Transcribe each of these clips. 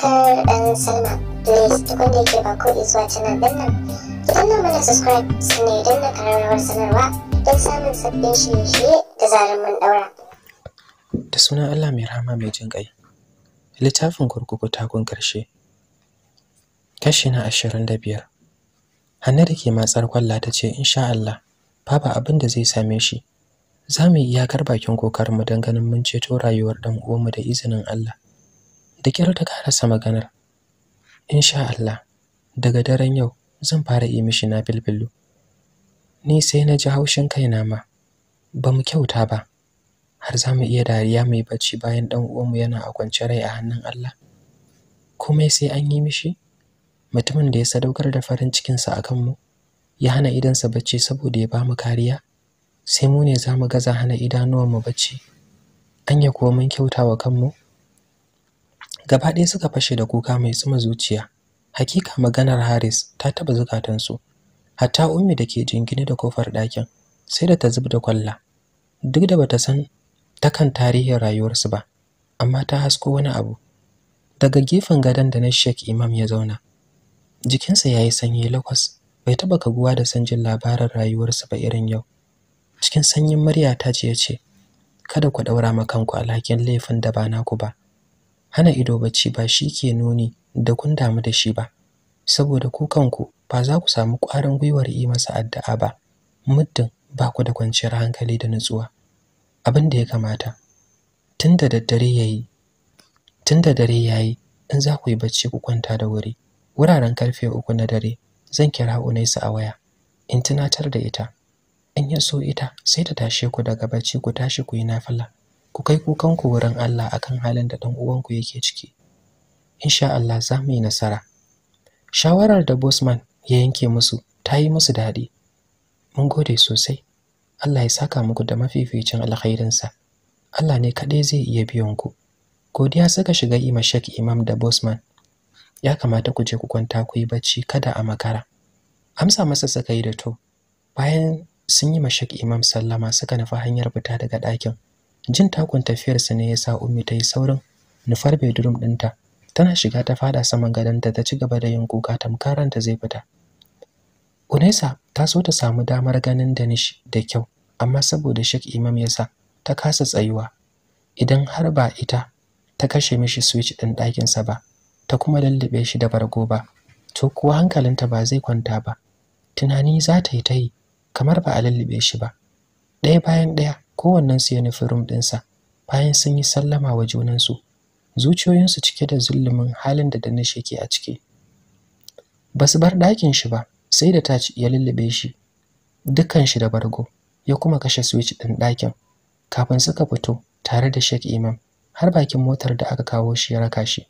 subscribe and sign up. Please tukunde ke ba ko zuwa canal din nan. Ki danna mana subscribe sannan idan na karar sanarwa don samun sabbin shirye-shirye da zarar mun daura. Da sunan Allah mai rahama mai jin ƙai. Littafin kurkuku takun ƙarshe. Kashi na ashirin da biyar. Hanna da ke matsar kwalla ta ce insha Allah babu abin da zai same shi. Za mu yi iyakar bakin kokarmu don ganin mun ceto rayuwar ɗan uwanmu da izinin Allah. da kyar ta karasa maganar insha Allah daga daren yau zan fara yi mishi na bilbilu ni sai na ji haushin kaina ma ba mu kyauta ba har za mu iya dariya mai bacci bayan ɗan uwanmu yana a kwance rai a hannun Allah komai sai an yi mishi mutumin da ya sadaukar da farin cikinsa a kanmu ya hana idansa bacci saboda ya bamu kariya sai mu ne za mu gaza hana idanuwanmu bacci anya kuwa mun kyauta wa kanmu gaba ɗaya suka fashe da kuka mai tsuma zuciya hakika maganar Haris ta taba zukatansu hatta ummi da ke jingine da kofar ɗakin sai da ta zub da kwalla duk da bata san ta kan tarihin rayuwarsu ba amma ta hasko wani abu daga gefen gadon da na shek Imam ya zauna jikinsa ya yi sanyi lakwas bai taba kaguwa da san jin labarin rayuwarsu ba irin yau cikin sanyin murya ta ce ce kada ku ɗaura ma kanku alhakin laifin da ba naku ba hana ido bacci ba shi ke nuni da kun damu da shi ba saboda ku kanku ba za ku samu ƙwarin gwiwar yi masa addu'a ba muddin ba ku da kwanciyar hankali da nutsuwa abin da ya kamata tun da daddare yayi tun da dare yayi in za ku yi bacci ku kwanta da wuri wuraren karfe uku na dare zan kira Unaisa a waya in tunatar da ita in ya so ita sai ta tashe ku daga bacci ku tashi ku yi nafila ku kai kukanku wurin Allah akan halin da ɗan uwanku yake ciki insha Allah za mu yi nasara shawarar da Bosman ya yanke musu ta yi musu daɗi mun gode sosai Allah ya saka muku da mafificin alkhairinsa Allah ne kaɗai zai iya biyan ku godiya suka shiga ima shek imam da Bosman ya kamata ku je ku kwanta ku yi bacci kada a makara amsa masa suka yi da to bayan sun yi mashak imam sallama suka nufi hanyar fita daga ɗakin jin takun tafiyarsa ne ya sa ummi ta yi saurin nufar bedroom ɗinta tana shiga ta fada saman gadonta ta ci gaba da yin kuka tamkaran ta zai fita unaisa ta so ta samu damar ganin danish da kyau amma saboda shek imam ya sa ta kasa tsayuwa idan har ba ita ta kashe mishi switch ɗin ɗakinsa ba ta kuma lallube shi da bargo ba to kuwa hankalinta ba zai kwanta ba tunani za ta yi ta yi kamar ba a lallube shi ba ɗaya bayan ɗaya kowannensu ya nufi rum ɗinsa bayan sun yi sallama wa junansu zuciyoyinsu cike da zullumin halin da Danish ke a ciki ba su bar ɗakin shi ba sai da taci ya lullube shi dukkan shi da bargo ya kuma kashe switch ɗin ɗakin kafin suka fito tare da shek Imam har bakin motar da aka kawo shi ya raka shi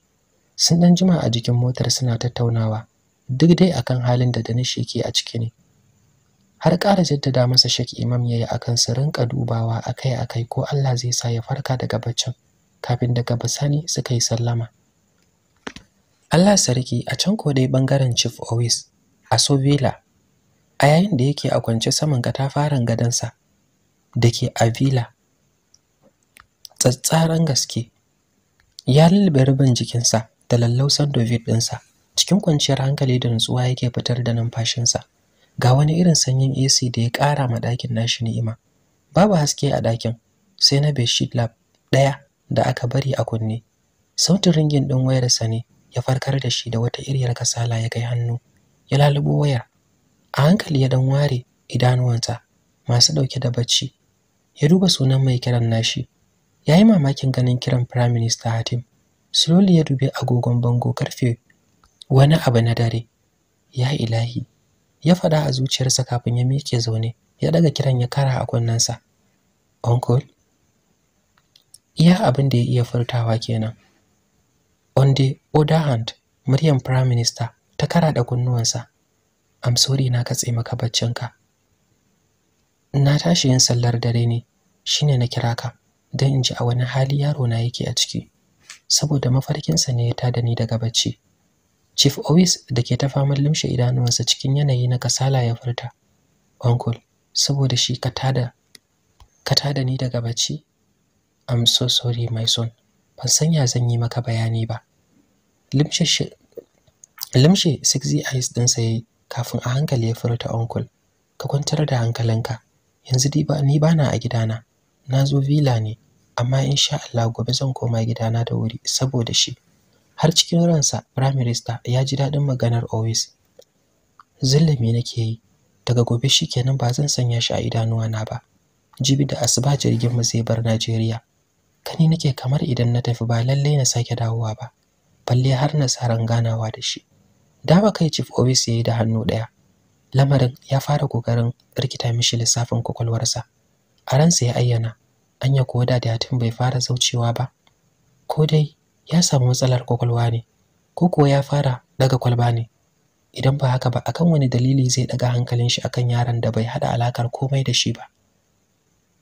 sun ɗan jima a jikin motar suna tattaunawa duk dai akan halin da Danish ke a ciki ne har ƙara jaddada masa shek imam yayi akan su rinka dubawa akai-akai ko Allah zai sa ya farka daga baccin kafin daga basani suka yi sallama Allah sarki a can ko dai bangaren chief always a Sovila a yayin da yake a kwance saman katafaren gadansa da ke a villa tsatsaran gaske ya lullube rubin jikinsa da lallausan dovid ɗinsa cikin kwanciyar hankali da nutsuwa yake fitar da numfashinsa ga wani irin sanyin AC da ya ƙara ma ɗakin nashi ni'ima babu haske a ɗakin sai na bedsheet lab ɗaya da aka bari a kunne sautin ringin ɗin wayarsa Sani ya farkar da shi da wata iriyar kasala ya kai hannu ya lalubo wayar a hankali ya dan ware idanuwansa masu ɗauke da bacci ya duba sunan mai kiran nashi ya yi mamakin ganin kiran prime minister hatim slowly ya dubi agogon bango karfe wani abu na dare ya ilahi ya faɗa a zuciyarsa kafin ya miƙe zaune ya ɗaga kiran ya kara a kunnensa uncle iya abin da ya iya furtawa kenan Onde, the other hand muryan prime minister ta kara da kunnuwansa am sorry na katse maka baccinka na tashi yin sallar dare ne shine na kira ka don in ji a wani hali yaro na yake a ciki saboda mafarkinsa ne ya tada ni daga bacci Chief Owis da ke ta faman limshe idanuwansa cikin yanayi na kasala ya furta. Uncle, saboda shi ka tada ni daga bacci? I'm so sorry my son. Ban san ya zan yi maka bayani ba. Limshe limshe 6 eyes din sa kafin a hankali ya furta uncle. Ka kwantar da hankalinka. Yanzu ni bana a gidana. Na zo villa ne, amma insha Allah gobe zan koma gidana da wuri saboda shi. har cikin ransa prime minister ya ji daɗin maganar always zullumi nake yi daga gobe shikenan ba zan sanya shi a idanuwa na ba jibi da asuba jirgin mu zai bar Najeriya kani nake kamar idan na tafi ba lallai na sake dawowa ba balle har na saran ganawa da shi ba kai chief office yayi da hannu daya lamarin ya fara kokarin rikita mishi lissafin kwakwalwarsa a ransa ya ayyana An anya koda da yatin bai fara zaucewa ba ko dai ya samu matsalar kwakwalwa ne ko kuwa ya fara daga kwalba ne idan ba haka ba akan wani dalili zai daga hankalin shi akan yaron da bai hada alakar komai da shi ba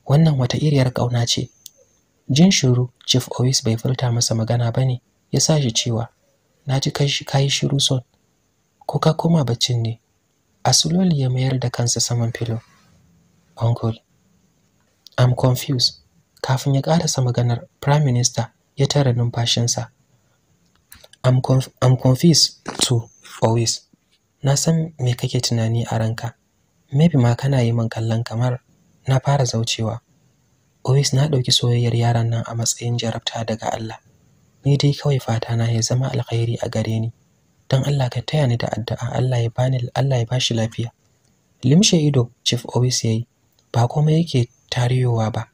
wannan wata iriyar kauna ce jin shiru chief always bai furta masa magana ba ne, ya sa shi cewa na ji kai shi kai shiru son ko ka koma baccin ne asuloli ya mayar da kansa saman filo uncle i'm confused kafin ya karasa maganar prime minister ya tara numfashinsa I'm, conf I'm confused to always na san me kake tunani a ranka maybe ma kana yi min kallon kamar na fara zaucewa always na ɗauki soyayyar yaran nan a matsayin jarabta daga Allah ni dai kawai fata na ya zama alkhairi a gare ni dan Allah ka taya ni da addu'a Allah ya bani Allah ya bashi lafiya limshe ido chief always yayi ba komai yake tariyowa ba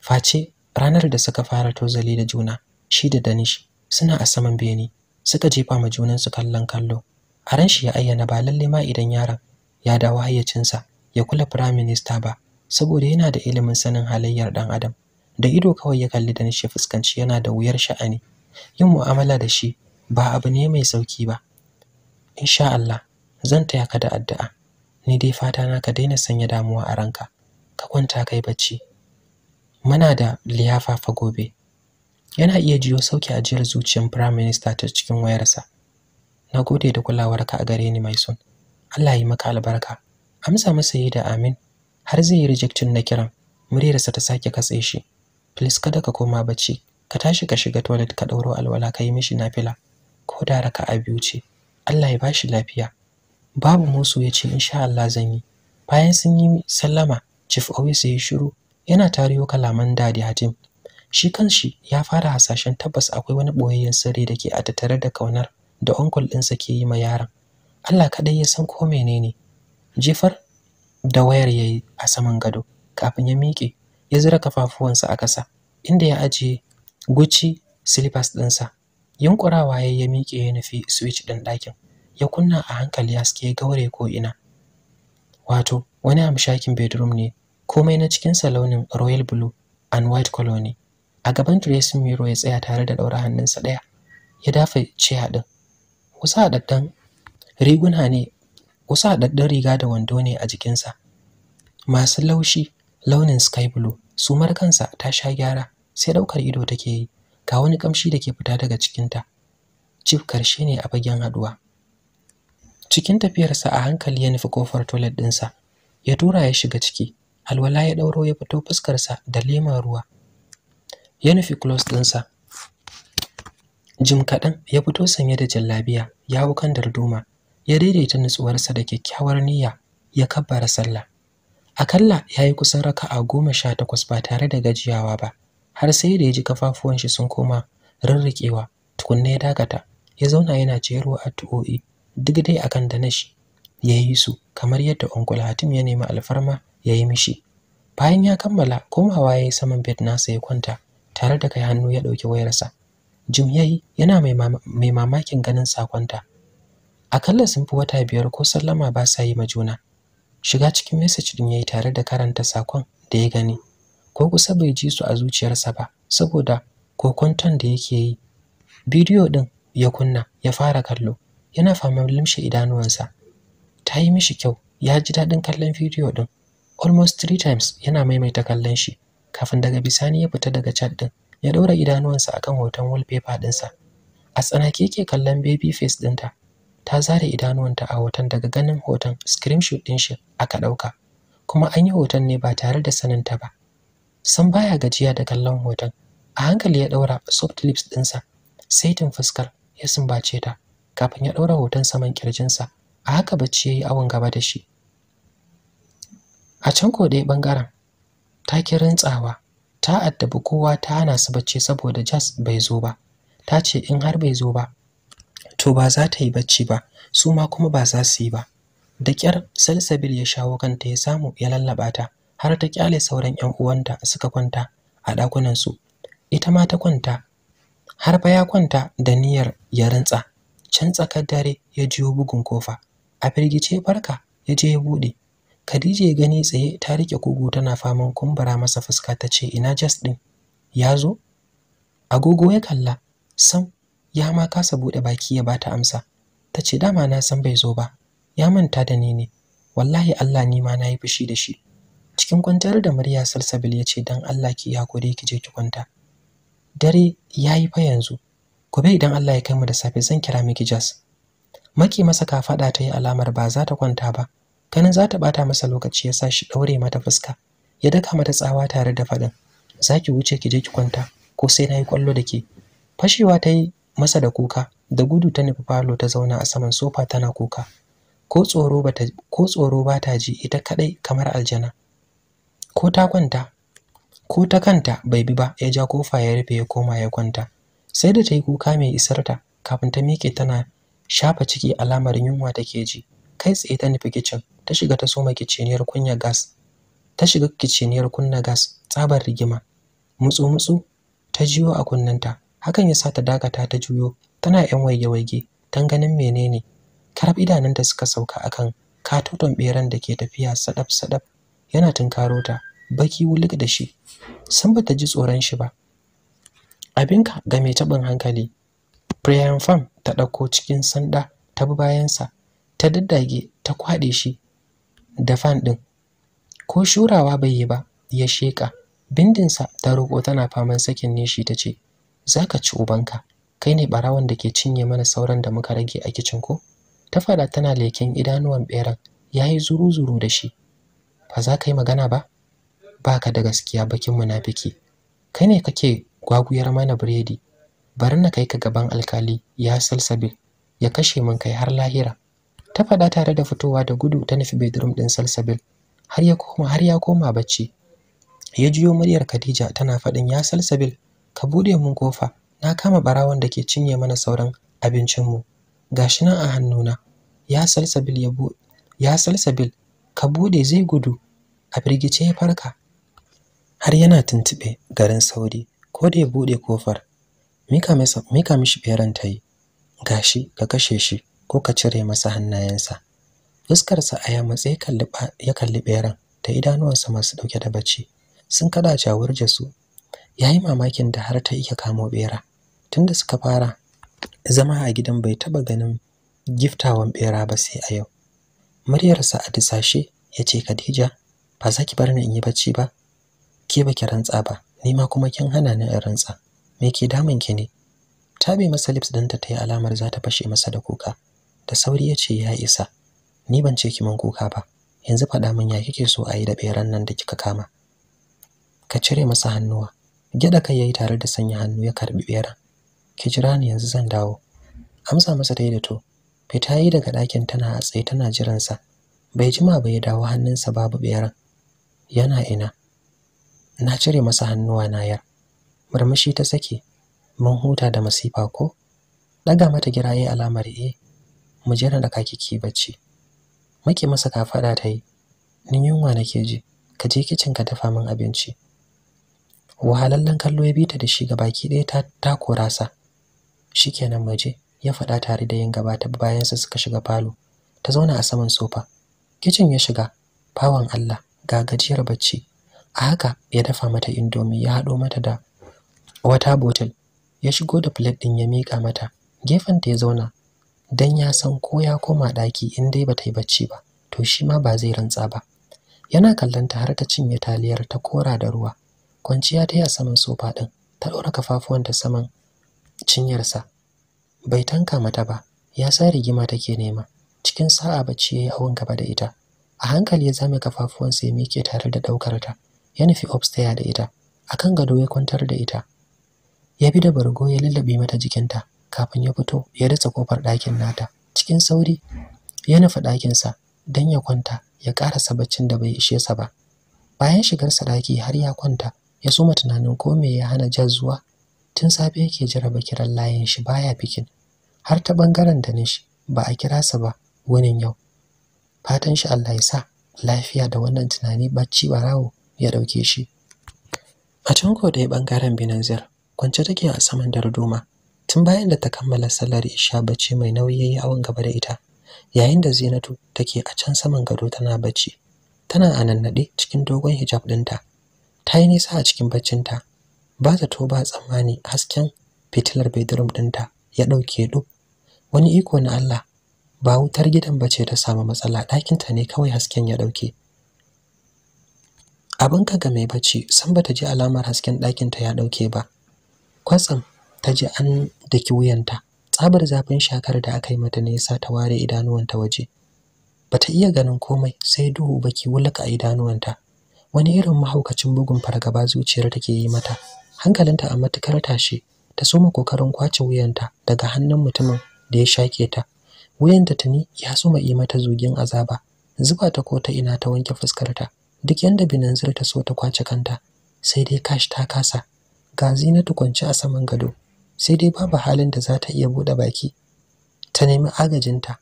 face ranar da suka fara tozali da juna shi da danish suna a saman bene suka jefa ma junansu kallon kallo a ran shi ya ayyana ba lalle ma idan yaron ya dawo hayyacinsa ya kula prime minister ba saboda yana da ilimin sanin halayyar dan adam da ido kawai ya kalli da ya fuskanci yana da wuyar sha'ani yin mu'amala da shi ba abu ne mai sauki ba insha Allah zan taya ka da addu'a ni dai fata na ka daina sanya damuwa a ranka ka kwanta kai bacci muna da liyafa fa gobe yana iya jiyo sauki jiyar zuciyar prime minister ta cikin wayarsa na gode da kulawarka a gare ni mai son Allah yi maka albarka amsa masa yi da amin har zai yi rejectin na kiran muryarsa ta sake katse shi please kada ka koma bacci ka tashi ka shiga toilet ka ɗauro alwala ka yi mishi nafila ko da raka a biyu ce Allah ya bashi lafiya babu musu ya ce insha Allah zan yi bayan sun yi sallama chief always ya shiru yana tariyo kalaman dadi hatim shi kanshi ya fara hasashen tabbas akwai wani boyayyen sirri da ke a tattare da kaunar da onkul ɗinsa ke yi ma yaron allah kaɗai ya san ko menene Jifar da wayar ya yi a saman gado kafin ya miƙe ya zira kafafuwansa a ƙasa inda ya ajiye guci silifas ɗinsa yunkurawa ya ya miƙe ya nufi switch ɗin ɗakin ya kunna a hankali haske ya gaure ko ina wato wani amshakin bedroom ne komai na cikinsa launin royal blue and white Colony a gaban dressing mirror ya tsaya tare da ɗaura hannunsa ɗaya ya dafa ciya ɗin wasu haɗaɗɗen riguna ne wasu haɗaɗɗen riga da wando ne a jikinsa masu laushi launin sky blue su kansa ta sha gyara sai ɗaukar ido take yi ga wani ƙamshi da ke fita daga cikinta cif karshe ne a fagen haɗuwa cikin tafiyarsa a hankali ya nufi kofar toilet ɗinsa ya tura ya shiga ciki alwala ya ɗauro ya fito fuskarsa da leman ruwa ya nufi close ɗinsa jim kaɗan ya fito sanye da jallabiya ya hau kan darduma ya daidaita nutsuwarsa da kyakkyawar niyya ya kabbara sallah akalla ya yi kusan raka'a goma sha takwas ba tare da gajiyawa ba har sai da ya ji kafafuwan shi sun koma rarrikewa tukunna ya dakata ya zauna yana a tu'o'i duk dai akan da nashi ya yi su kamar yadda onkul hatim ya nemi alfarma ya yi mishi bayan ya kammala komawa ya yi saman bed nasa ya kwanta tare da kai hannu ya ɗauki wayarsa jim ya yi yana mai mamakin ganin sakonta akalla sun fi wata biyar ko sallama ba sa yi ma juna shiga cikin message din ya yi tare da karanta sakon da ya gani ko kusa bai ji su a zuciyarsa ba saboda ko kwanton da yake yi bidiyo din ya kunna ya fara kallo yana faman limshe idanuwansa ta yi mishi kyau ya ji daɗin kallon bidiyo din almost three times yana maimaita kallon shi kafin daga bisani ya fita daga chat din ya ɗaura idanuwansa akan hoton wallpaper ɗinsa a tsanake yake kallon baby face ɗinta ta zare idanuwanta a hoton daga ganin hoton screenshot ɗin shi aka ɗauka kuma an yi hoton ne ba tare da saninta ba san baya gajiya da kallon hoton a hankali ya ɗaura soft lips ɗinsa saitin fuskar ya sumbace ta kafin ya ɗaura hoton saman kirjinsa a haka bacci ya yi awon gaba da shi a can ko dai ɓangaren ta ki rintsawa ta addabi kowa ta hana su bacci saboda jazz bai zo ba ta ce in har bai zo ba to ba za ta yi bacci ba su ma kuma ba za su yi ba da ƙyar salsabil ya shawo kanta ya samu ya lallaba ta har ta kyale sauran 'yan uwanta suka kwanta a ɗakunansu ita ma ta kwanta har fa ya kwanta da niyyar ya rintsa can tsakar dare ya jiyo bugun kofa a firgice barka, ya je ya buɗe Khadija ya gani tsaye ta rike kugu tana faman kumbura masa fuska ta ce ina just din ya zo agogo ya kalla sam ya ma kasa bude baki ya bata amsa ta ce dama na san bai zo ba ya manta da ni ne wallahi Allah ni ma yi fushi da shi cikin kwantar da murya salsabil ya ce dan Allah ki hakuri ki je ki kwanta dare yayi fa yanzu gobe idan Allah ya kai mu da safe zan kira miki jas maki masa kafada ta yi alamar ba za ta kwanta ba ganin za ta bata masa lokaci ya sa shi ɗaure mata fuska ya daka mata tsawa tare da faɗin za ki wuce ki je ki kwanta ko sai na yi kwallo da ke fashewa ta yi masa da kuka da gudu ta nufi falo ta zauna a saman sofa tana kuka ko tsoro ba ta ji ita kadai kamar aljana ko ta kwanta ko ta kanta bai bi ba ya ja kofa ya rufe ya koma ya kwanta sai da ta yi kuka mai isar ta, kafin ta miƙe tana shafa ciki alamar yunwa take ji kai tsaye ta nufi kicin ta shiga ta soma kiciniyar kunya gas ta shiga kiciniyar kunna gas tsabar rigima mutsu mutsu ta jiyo a kunnanta hakan ya sa ta dakata ta juyo tana yan waige waige Tan ganin menene karab idanunta suka sauka akan katoton beran da ke tafiya sadaf sadaf yana tunkaro ta baki wulik da shi san ta ji tsoron shi ba abinka ga mai taɓin hankali Brian Farm ta ɗauko cikin sanda ta bi bayansa ta daddage ta kwaɗe shi da fan ɗin ko shurawa bai yi ba ya sheƙa bindinsa ta roƙo tana faman sakin nishi ta ce za ka ci ubanka kai ne ɓarawon da ke cinye mana sauran da muka rage a kicin ko ta faɗa tana leken idanuwan beran. ya yi zuru-zuru da shi ba za ka yi magana ba ba ka da gaskiya bakin munafiki kai ne kake gwaguyar mana biredi bari na kai ka gaban alkali ya salsabil ya kashe mun kai har lahira ta fada tare da fitowa da gudu ta nufi bedroom ɗin salsabil har ya koma har ya koma bacci ya jiyo muryar khadija tana faɗin ya salsabil ka buɗe mun kofa na kama barawon da ke cinye mana sauran abincinmu gashi nan a hannuna ya salsabil ya bu ya salsabil ka buɗe zai gudu a firgice ya farka har yana tuntube garin sauri ko da ya buɗe kofar mika mishi beran ta yi gashi ka kashe shi ko ka cire masa hannayensa fuskarsa a yamutse ya kalli beran da idanuwansa masu dauke da bacci sun kada jawur su yi mamakin da har ta iya kamo bera tunda suka fara zama a gidan bai taba ganin giftawan bera ba sai a yau muryarsa a disashe ya ce Khadija ba za ki bar ni in yi bacci ba ke ba ki rantsa ba ni ma kuma kin hana ni in rantsa me ke damun ki ne Ta bi masa lips ɗinta ta yi alamar za ta fashe masa da kuka da sauri ya ce ya isa ni ban ce ki mun kuka ba yanzu faɗa min ya kike so a yi da beran nan da kika kama ka cire masa hannuwa Gyaɗa kai yayi tare da sanya hannu ya karbi beran ki jira ni yanzu zan dawo amsa masa dai da to fita yi daga dakin tana a tsaye tana jiran sa bai jima ba ya dawo hannunsa babu beran yana ina na cire masa hannuwa na yar murmushi ta sake mun huta da masifa ko daga mata giraye alamar eh mu je na kake ki bacci muke masa kafada ta yi ni yunwa nake ji ka je kicin ka dafa min abinci wahalallen kallo ya bita da shi baki ɗaya ta ta korasa shikenan mu je ya faɗa tare da yin gabata bayan su suka shiga falo ta zauna a saman sofa kicin ya shiga bawan Allah ga gajiyar bacci a haka ya dafa mata indomi ya haɗo mata da wata botel ya shigo da plate ɗin ya miƙa mata gefen ta ya zauna dan ya san ko ya koma Daki in dai bata yi bacci ba to shi ma ba zai rantsa ba yana kallon ta har ta cinye taliyar ta kora da ruwa kwanciya ta yi a saman sofa ɗin ta kafafuwan ta saman cinyarsa bai tanka mata ba ya sa rigima take nema cikin sa'a bacci yayi yi gaba da ita a hankali ya zame kafafuwansa ya miƙe tare da ɗaukar ta ya nufi upstairs da ita akan gado ya kwantar da ita ya bi da bargo ya lullube mata jikinta kafin ya fito ya ritsa kofar ɗakin nata cikin sauri ya nufi ɗakinsa don ya kwanta ya ƙarasa baccin da bai ishe sa ba bayan shigarsa ɗaki har ya kwanta ya soma tunanin ko me ya hana jan zuwa tun safe yake jaraba kiran layin shi baya bikin har ta ɓangaren da nishi ba a kira sa ba wunin yau fatan shi Allah ya sa lafiya da wannan tunani bacci barawo ya ɗauke shi a can ko dai ɓangaren binanzir kwance take a saman darduma tun bayan da ta kammala sallar isha bacci mai nauyi yayi awon gaba da ita yayin da Zinatu take a can saman gado tana bacci tana anannade cikin dogon hijab dinta ta yi nisa a cikin baccinta ba to ba tsammani hasken fitilar bedroom dinta ya dauke duk wani iko na Allah ba wutar gidan bace ta samu matsala ɗakinta ne kawai hasken ya dauke abin kaga mai bacci san ta ji alamar hasken ɗakinta ya dauke ba kwatsam ta ji an daki wuyanta tsabar zafin shakar da aka yi mata ne yasa ta ware idanuwanta waje bata iya ganin komai sai duhu baki wulaka a idanuwanta wani irin mahaukacin bugun fargaba zuciyar take yi mata hankalinta a matukar tashi ta soma kokarin kwace wuyanta daga hannun mutumin da ya shake ta wuyanta tuni ya soma yi mata zugin azaba zuba ta ko ta ina ta wanke fuskarta duk yanda binanzir ta so ta kwace kanta sai dai kash ta kasa ga zinatu kwance a saman gado sai dai babu halin da za ta iya buɗe baki ta nemi agajinta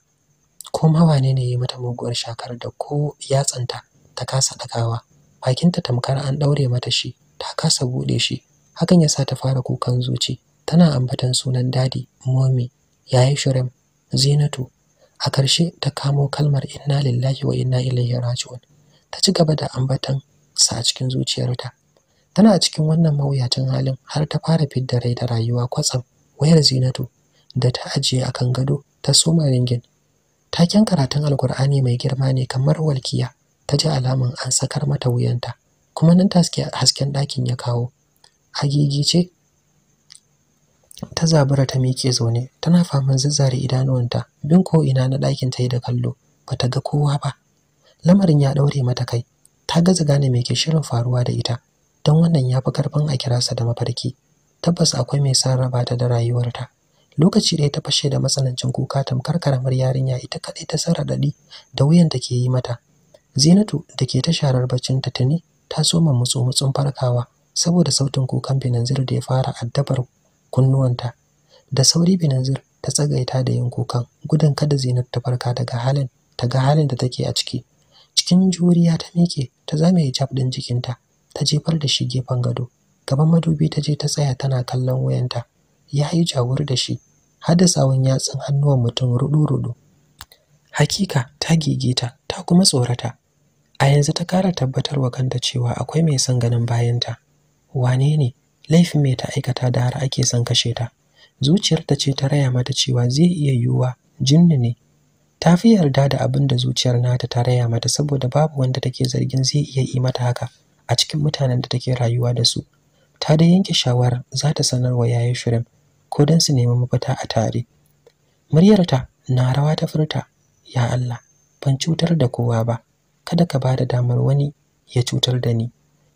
ko ma wane ne ya mata muguwar shakar da ko yatsanta ta kasa ɗagawa bakinta tamkar an ɗaure mata shi ta kasa buɗe shi hakan ya sa ta fara kukan zuci tana ambatan sunan dadi momi yayi shirin zinatu a ƙarshe ta kamo kalmar inna lillahi wa inna ilaihi raji'un ta ci gaba da ambatan sa a cikin zuciyarta tana cikin wannan mawuyacin halin har ta fara fidda rai da rayuwa kwatsam wayar zinatu da ta ajiye a kan gado ta soma ringin taken karatun alkur'ani mai girma ne kamar walkiya ta ji an sakar mata wuyanta kuma nan ta hasken ɗakin ya kawo ce. ta zabura ta miƙe zaune tana faman zazzare idanuwanta bin ko ina na ɗakin ta yi da kallo ba ta ga kowa ba lamarin ya ɗaure mata kai ta gaza gane me ke shirin faruwa da ita don wannan ya fi karfin a kira sa da mafarki tabbas akwai mai san raba ta da rayuwarta lokaci ɗaya ta fashe da matsanancin kuka tamkar karamar yarinya ita kaɗai ta san raɗaɗi da wuyan da ke yi mata zinatu da ke ta sharar baccin ta tuni ta soma mutsu mutsun farkawa saboda sautin kukan binanzir da ya fara addabar kunnuwanta da sauri binanzir ta tsagaita da yin kukan gudun kada zinatu ta farka daga halin ta ga halin da take a ciki cikin juriya ta miƙe ta zame hijab ɗin jikinta ta jefar da shi gefen gado gaban madubi ta je ta tsaya tana kallon wayanta ya yi jawur da shi hadasawan tsawon yatsun hannuwan mutum rudu-rudu hakika ta gigita ta kuma tsorata a yanzu ta kara tabbatar wa kanta cewa akwai mai son ganin bayanta wane ne laifin mai ta aikata da har ake son kashe ta zuciyarta ce ta raya mata cewa zai iya yiwuwa jinni ne ta fi yarda da abin da zuciyar nata ta raya mata saboda babu wanda take zargin zai iya yi mata haka a cikin mutanen da take rayuwa da su ta dai yanke shawarar za ta sanar wa yayin shirin ko don su nemi mafita a tare muryarta na rawa ta furta ya Allah ban cutar da kowa ba kada ka ba da damar wani ya cutar da ni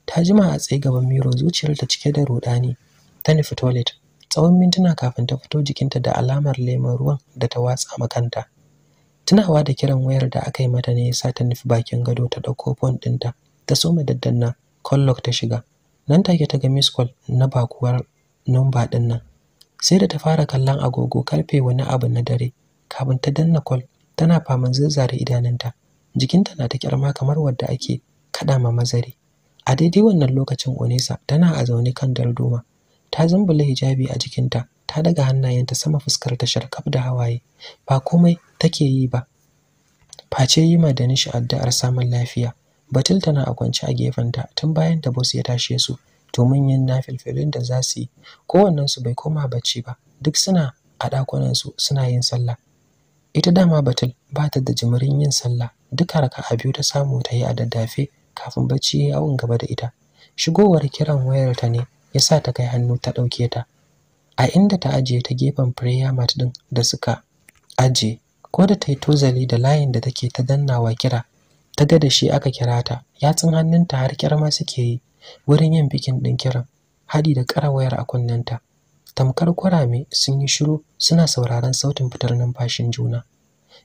ta jima a tsaye gaban miro zuciyarta cike da rudani ta nufi toilet tsawon mintuna kafin ta fito jikinta da alamar lemon ruwan da ta watsa makanta tunawa da kiran wayar da aka yi mata ne ya sa ta nufi bakin gado ta ɗauko fon ɗinta ta soma daddanna Conlock ta shiga. Nan take ta ga miss call na bakuwar numba din nan. Sai da ta fara kallon agogo karfe wani abu na dare kafin ta danna call tana faman zazzare idanunta. Jikinta na ta kyarma kamar wadda ake kaɗa ma mazari. A daidai wannan lokacin Onesa tana a zaune kan darduma. Ta zumbula hijabi a jikinta, ta daga hannayenta sama fuskar ta sharkaf da hawaye. Ba komai take yi ba. Face yi ma nishi addu'ar samun lafiya. batul tana a kwance a gefenta tun bayan da bus ya tashe su domin yin nafilfilin da za su yi kowannensu bai koma bacci ba duk suna a ɗakunansu suna yin sallah ita dama batul ba ta da jimirin yin sallah duk a biyu ta samu ta yi a daddafe kafin bacci ya awon gaba da ita shigowar kiran wayarta ne ya sa ta kai hannu ta ɗauke ta a inda ta ajiye ta gefen prayer mat ɗin da suka ajiye ko da ta yi tozali da layin da take ta dannawa kira ta ga da shi aka kira ta yatsun hannunta har kirma suke yi wurin yin bikin ɗin kiran haɗi da wayar a kunnenta tamkar kurame sun yi shiru suna sauraron sautin fitar numfashin juna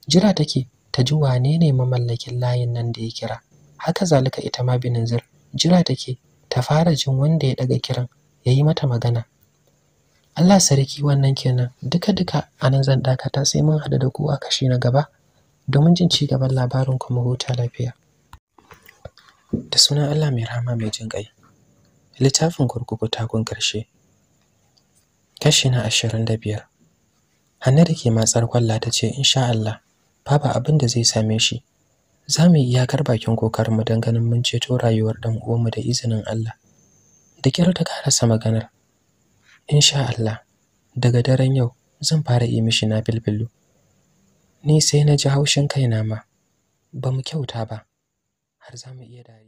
jira take ta ji wane ne mamallakin layin nan da ya kira haka zalika ita ma binanzir jira take ta fara jin wanda ya ɗaga kiran ya yi mata magana Allah sarki wannan kenan duka duka A nan zan dakata sai mun haɗu da kowa kashi na gaba domin jin ci gaban labarin kuma huta lafiya. Da sunan Allah mai rahama mai jin ƙai. Littafin kurkuku takun ƙarshe. Kashi na ashirin da biyar. Hanna da ke matsar kwalla ta ce insha Allah babu abin da zai same shi. Za mu yi iyakar bakin kokarinmu don ganin mun ceto rayuwar ɗan mu, da izinin Allah. Da kyar ta karasa maganar. Insha Allah daga daren yau zan fara yi mishi na bilbilu ni sai na ji haushin kaina ma ba mu kyauta ba har za mu iya dariya